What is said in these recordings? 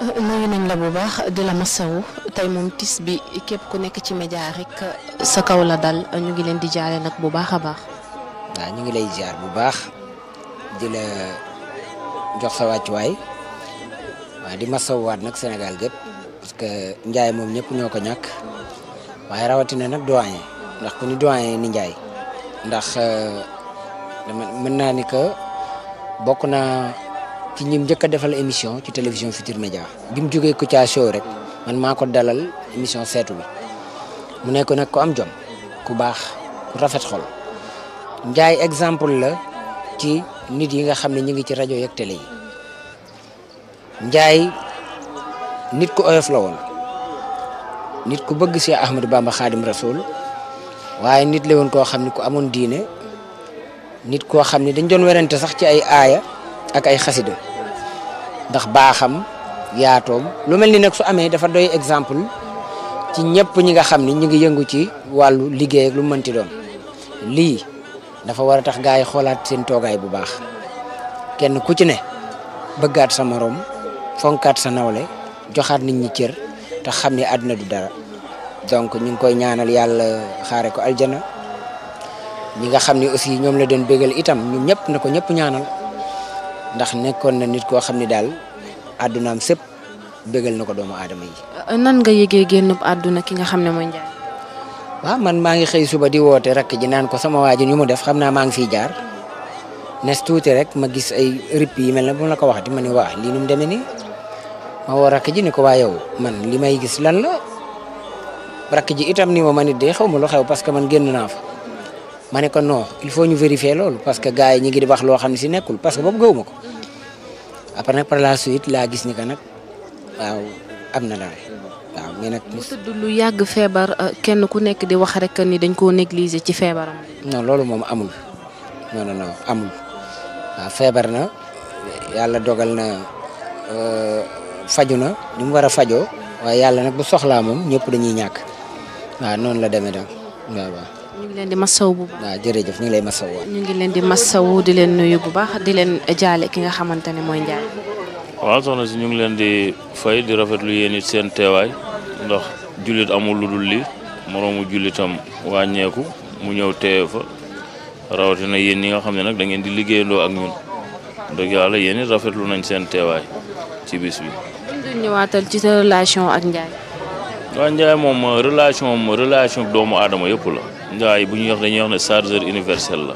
nuyu bu baax di la moom tis bi képp ku nekk ci média rek sa kaw la ñu ngi leen di jaale nag bu baax a baax. waaw ñu ngi lay jaar bu baax di la jox sa wàccuwaay di masawuwaat nag Sénégal gépp parce que Ndiaye moom ñëpp ñoo ko ñàkk waaye rawatina nag doyen ndax ku ni doyen ni Ndiaye ndax euh, dama naa ni que bokk na ci ñim njëkk a defal émission ci télévision Futur Média bi mu jógee Kouthia Show rek man maa ko dalal émission seetu mu nekk nag ku am jom ku baax ku rafet xol njaay exemple la ci nit yi nga xam ne ñu ngi ci rajo yeeg télé nit ku oyof la woon nit ku bëgg si Ahmadou Bamba Khadim Rasoul waaye nit la woon koo xam ne ku amoon diine nit koo xam ne dañ doon werante sax ci ay aaya ak ay xasida ndax baaxam yaatom lu melni ni su amé dafa doy exemple ci ñepp ñi nga xam ni ñu ngi yëngu ci walu liggéey ak lu mënti doon li dafa wara tax gaay xolaat seen togaay bu baax kenn ku ci ne bëggaat sa morom fonkaat sa nawle joxaat nit ñi cër ta xam ni du dara donc ñing koy ñaanal yalla xaaré ko aljana ñi nga xam ni aussi ñom la doon bëggal itam ñun ñëpp nako ko ñaanal ndax nekkoon na nit koo xam ne daal àddunaam sëpp bégal na ko doomu aadama yi. Euh, nan nga yëgee génn àdduna ki nga xam ne mooy Ndiaye. man maa ngi xëy suba di woote rakk ji naan ko sama waa ji mu def xam naa maa ngi fiy jaar nes tuuti rek ma gis ay ripp yi mel ne bu ma la ko wax di ma ni waa lii nu mu ma woo rakk ji ni ko waa yow man li may gis lan la rakk ji itam ni ma ma nit de xaw ma lu xew parce que man génn naa fa. ma ne ko non il faut ñu vérifier loolu parce que gars yi ñu ngi di wax loo xam ne si nekkul parce que boobu gëwuma ko après nag par la suite laa gis ni que nag waaw na daal waaw lu yàgg feebar euh, kenn ku nekk di wax rek ni dañ koo négliger ci feebaram. loolu moom amul non non amul feebar na yàlla dogal na euh, faju na ni war a fajoo waaye yàlla nag bu soxlaa moom ñëpp dañuy ñàkk waaw noonu la demee daal waaw. ñu ngi leen di masaw jërëjëf ñu ngi lay masaw ñu ngi leen di masaw di leen nuyu bu baax di leen jaale ki nga xamante ne mooy Ndiaye. waaw soxna si ñu ngi leen di fay di rafetlu yéen it seen teewaay ndax jullit amul lu dul lii moroomu jullitam wàññeeku mu ñëw teew fa rawatina yéen nga xam ne nag da ngeen di liggéeyandoo ak ñun dëgg yàlla yéen it rafetlu nañ seen teewaay ci bis bi. ñu ñëwaatal ci sa relation ak Ndiaye. waaw Ndiaye moom relation relation doomu aadama yëpp la. waaye bu ñuy yox dañuy wax ne chargeur universel la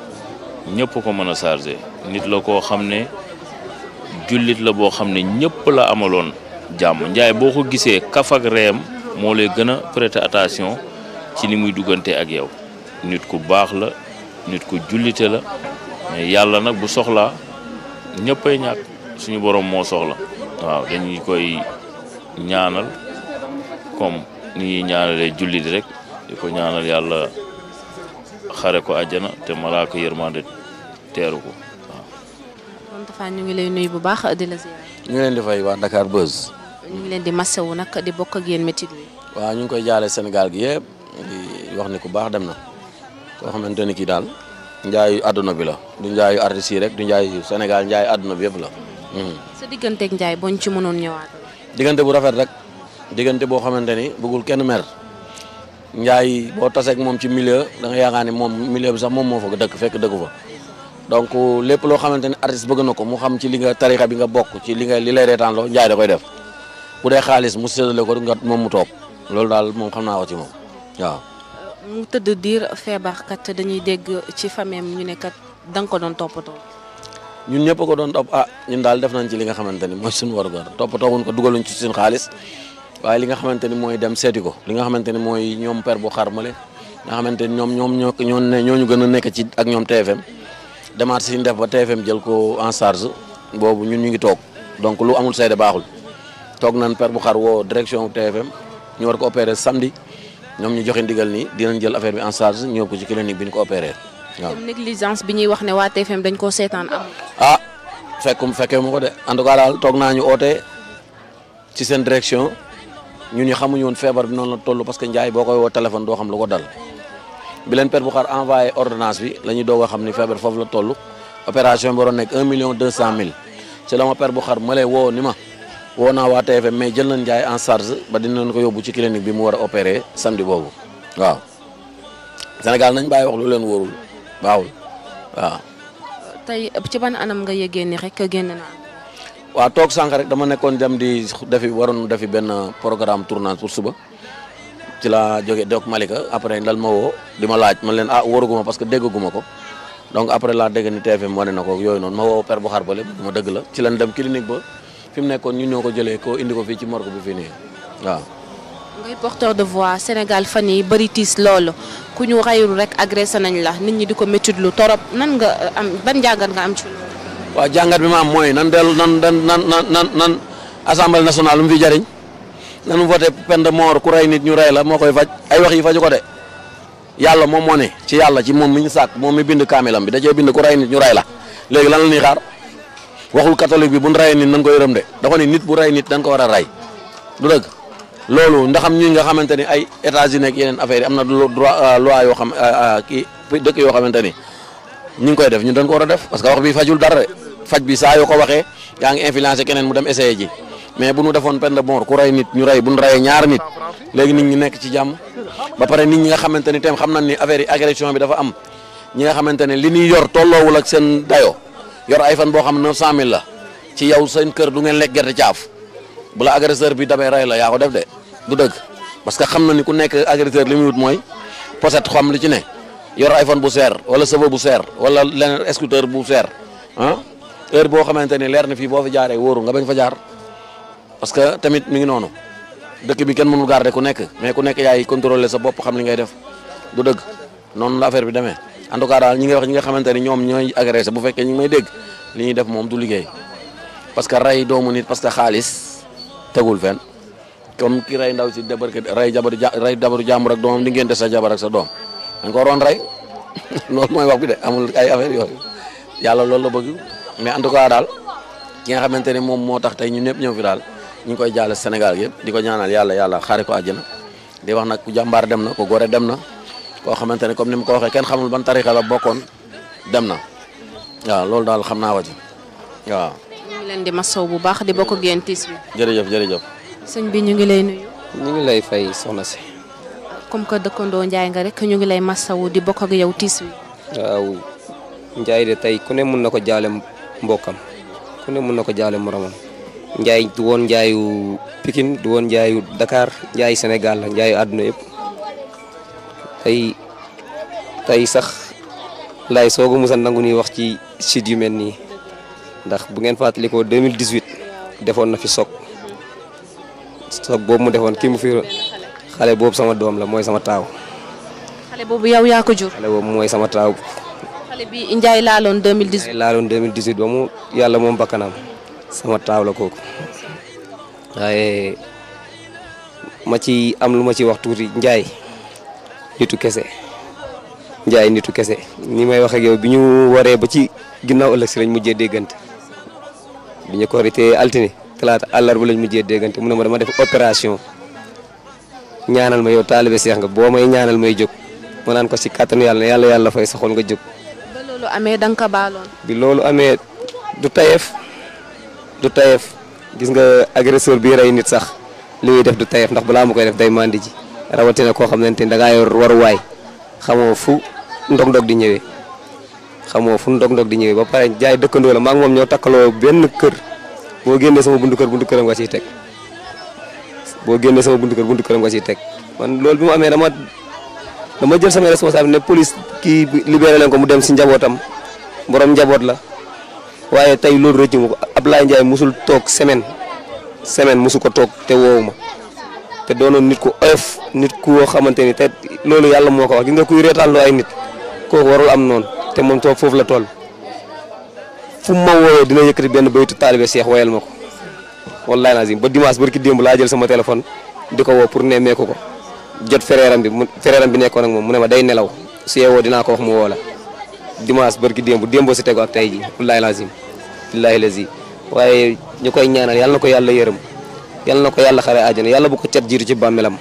ñëpp ko mën a chargé nit la koo xam ne jullit la boo xam ne ñëpp la amaloon jàmm njaay boo ko gisee kaf ak reem moo lay gën a prêter attention ci ni muy duggante ak yow nit ku baax la nit ku jullite la mais yàlla nag bu soxlaa ñëppay ñàkk suñu borom moo soxla waaw dañuy koy ñaanal comme ni ñuy ñaanalee jullit rek di ko ñaanal yàlla xare ko àjjana te malaaka yërmande teeru ko waaw. kon ñu ngi lay nuyu bu baax di ñu ngi leen di fay waa Dakar Buzz. ñu leen di masawu nag di bokk ak yéen métit bi. waaw ñu ngi koy jaale Sénégal gi yëpp wax ni ku baax dem na koo xamante ni kii daal njaayu àdduna bi la du njaayu artiste yi rek du njaay Sénégal njaay àdduna bi yëpp la. Hmm. sa njaay boo ci mënoon ñëwaat. diggante bu rafet rek diggante boo xamante ni bëggul kenn mer. bo boo ak mom ci milieu da nga yaakaar mom moom milieu bi sax moom mo fa dëkk fekk dëkku fa donc lépp lo xamante artiste bëgg nako mu xam ci li nga tariika bi nga bok ci li nga li lay rétan lo njaay da koy def bu dé xaaliss mu sédalé ko nga moom mu top lool dal mom xamna wax ci mom waaw mu tëdd diir feebar kat dañuy dégg ci fameem ñu né kat da nga ko doon toppatoo ñun ñëpp ko don top ah ñun dal def nañ ci li nga xamante ni suñu warugar toppatoo wuñ ko dugaluñ ci suñu xaaliss waaye li nga xamante ni mooy dem seeti ko li nga xamante ni mooy ñoom per bu xar male nga xamante ni ñoom ñoom ñoo ñoo ñooñu gën a nekk ci ak ñoom TFM demaat si ñu def ba TFM jël ko en charge boobu ñun ñu ngi toog donc lu amul seede baaxul toog nañ per bu xar woo direction TFM ñu war ko opérer samedi ñoom ñu joxe ndigal nii dinañ jël affaire bi en charge ñëw ko ci clinique bi ñu ko opérer waaw. négligence bi ñuy wax ne waa TFM dañ koo seetaan am. ah fekkum fekkee ma ko de en daal toog naa ñu oote ci seen direction. ñun ñu xamuñu woon feebar bi noonu la toll parce que Ndiaye boo koy woo téléphone doo xam lu ko dal bi per bu xar envoyé ordonnance bi la doog a xam ni feebar foofu la toll opération bi ba dinañ ko yóbbu ci mu war a samedi boobu waaw Sénégal nañ bàyyi wax lu leen wóorul baawul waaw. tey ci ban anam nga yëgee ni rek génn naa. wa tok sank rek dama nekkon dem di defi waron defi Ben programme tournage pour suba ci la joge dok Malika après lal ma woo di laaj man len ah waruguma parce que déggaguma ko donc après la degg ni TFM moné nako yoy non noonu ma woo père bu xarbalé bale deug la ci lan dem clinique ba fim nekkon ñu ñoko jëlé ko indi ko fi ci morgue bu fii nii waaw ngay porteur de voix Sénégal fani bari tis lolo ku ñu rayul rek agressé nañ la nit ñi diko ko lu torop nan nga am ban jàngat nga am ci Wajangat jangat bi ma am moy nan dellu nan nan nan nan nan assemblée nationale mu fi jariñ nan voté peine mort ku ray nit ñu ray la mo koy faj ay wax yi faju ko de yalla mom mo ne ci yalla ci mom mi ñu sàkk moom mi bind kamelam bi da cee bind ku ray nit ñu ray la léegi lan la ni xaar waxul catholique bi bu ray nit nan ko yërëm de ko ni nit bu ray nit dang ko wara ray du dëgg loolu ndaxam ñi nga xamanteni ay États-Unis ak yenen affaire amna droit euh, loi yo xam euh, euh, ki dekk yo xamanteni ñing koy def ñu dañ ko wara def parce que wax bi fajul dara faj bi sa yo ko waxe ya nga influencer kenen mu dem essayé ji mais bu nu defone pen de mort ku ray nit ñu ray bu nu reyee ñaar nit léegi nit ñi nek ci jamm ba pare nit ñi nga xamanteni ni tam xam ni affaire agression bi dafa am ñi nga xamanteni li ni yor tolloowul ak sen dayo yor ay fan bo xam 900000 la ci yow seen keur du ngeen lek gerte tiaf bu la agresseur bi damee ray la ya ko def de du deug parce que ni ku nek agresseur limi wut moy posette xam li ci ne yor iPhone bu seer wala sëba bu seer wala len scooter bu ah heure boo xamante ni leer na fii boo fa jaaree woru nga bañ fa jaar parce que tamit mi ngi noonu dëkk bi kenn mënul garder ku nekk mais ku nekk yaay contrôler sa bopp xam li ngay def du dëgg noonu la bi demee en tout cas daal ñi nga wax ñi nga xamante ni ñoom ñooy agressé bu fekkee ñi ngi may dégg li ñuy def moom du liggéey parce que rey doomu nit parce que xaalis tegul fenn comme ki rey ndaw si débarqué rey jabaru ja rey jabaru jàmbur ak doomam di ngénte sa jabar ak sa doom dañ rey loolu mooy wax de amul ay affaire yooyu yàlla loolu la bëgg. mais en tout cas daal ki nga xamante ne moom moo tax tey ñun ñëpp ñëw fi daal ñu ngi koy jaale Sénégal yëpp di ko ñaanal yàlla yàlla xaare ko àjjana di wax nag dem na ku gore dem na koo xamante ne comme ni mu ko waxee kenn xamul ban tarixa la bokkoon dem na waaw loolu daal xam naa ko ci waaw. ñu ngi leen di masaw bu baax di bokk ak yéen tiis jërëjëf jërëjëf. sëñ bi ñu ngi lay nuyu. ñu lay fay soxna si. comme que dëkkandoo Ndiaye nga rek ñu ngi lay masawu di bokk ak yow tiis wi. waaw de tey ku ne mun na ko jaale mbokkam ku ne mun na ko jaale moromam njaay du woon njaayu Pikine du woon njaayu dakaar njaay Sénégal njaay njaayu àdduna yëpp tey tey sax lay soogu musa nangu ni wax ci sud yu mel nii ndax bu ngeen fàttalikoo 2018 defoon na fi soog soog boobu mu defoon kii mu fi xale boobu sama doom la mooy sama taaw xale laaloon 2018. Ndiaye laaloon 2018 ba mu yàlla moom bakkanam sama taaw la kooku waaye ma ci am lu ma ci wax tuuti Ndiaye nitu kese Ndiaye nitu kese ni may wax ak yow bi ñu waree ba ci ginnaaw ëllëg si lañ mujjee déggante bi ñu korité altine talaata àllarba lañ mujjee déggante mu ne ma dama def opération ñaanal ma yow taalibe seex nga boo may ñaanal may jóg ma naan ko si kàttanu yàlla yàlla yàlla fay nga jóg amee da nga ko baaloon. bi loolu amee du tayef du tayef gis nga agresseur bi rey nit sax li muy def du tayef ndax balaa mu koy def day mandi ji rawatina koo xamante ni da ngaa yor waruwaay xamoo fu ndog-ndog di ñëwee xamoo fu ndog-ndog di ñëwee ba pare jaay dëkkandoo la maa ngi moom ñoo takkaloo benn kër boo génnee sama buntu kër buntu këram nga ciy teg boo génnee sama buntu kër buntu teg man loolu bi mu amee dama. dama jël sama responsabilité ne police kii libéré leen ko mu dem si njabootam borom njaboot la waaye tey loolu rëcc ma ab Ablaye Ndiaye musul toog semaine semaine musu ko toog te woowu ma te doonoon nit ku oyof nit ku woo xamante ni te loolu yàlla moo ko wax nga kuy reetaanloo ay nit kooku warul am noonu te moom toog foofu la tool fu ma woowee dina yëkkati benn baytu taalibe Cheikh woyal ma ko wallahi lazim ba dimanche barki démb laa jël sama téléphone di ko woo pour nemmeeku ko jot fereeram bi mu fereeram bi nekkoon ak moom mu ne ma day nelaw su yeewoo dinaa ko wax mu woo la dimanche barki démb démboo si tegu ak tey ji wallaahi lazim wallaahi lazi waaye ñu koy ñaanal yàlla ko yàlla yërëm yàlla na ko yàlla xare àjjana yàlla bu cat jiitu ci bàmmelam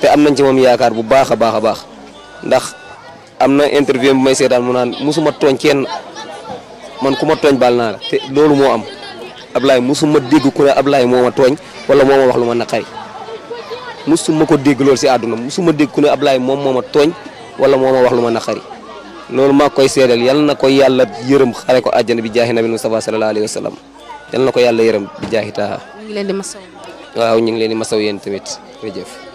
te am nañ ci moom yaakaar bu baax a baax a baax ndax am na interview bu may seetaan mu naan musuma tooñ kenn man ku ma tooñ bal naa la te loolu moo am Ablaye musuma dégg ku ne Ablaye moo ma tooñ wala moo ma wax lu ma naqari musuma ko dégg loolu si àdduna suma dégg ku ne Ablaye moom moo ma tooñ wala moo a wax lu ma naqari loolu maa koy seedeel yal na ko yàlla yërëm xare ko àjjana bi jaahi nabi Mustafa sallallahu alayhi wa sallam yal na ko yàlla yërëm bi jaahi taaha. ñu ngi leen di masaw. waaw ñu ngi leen di masaw yéen tamit jërëjëf.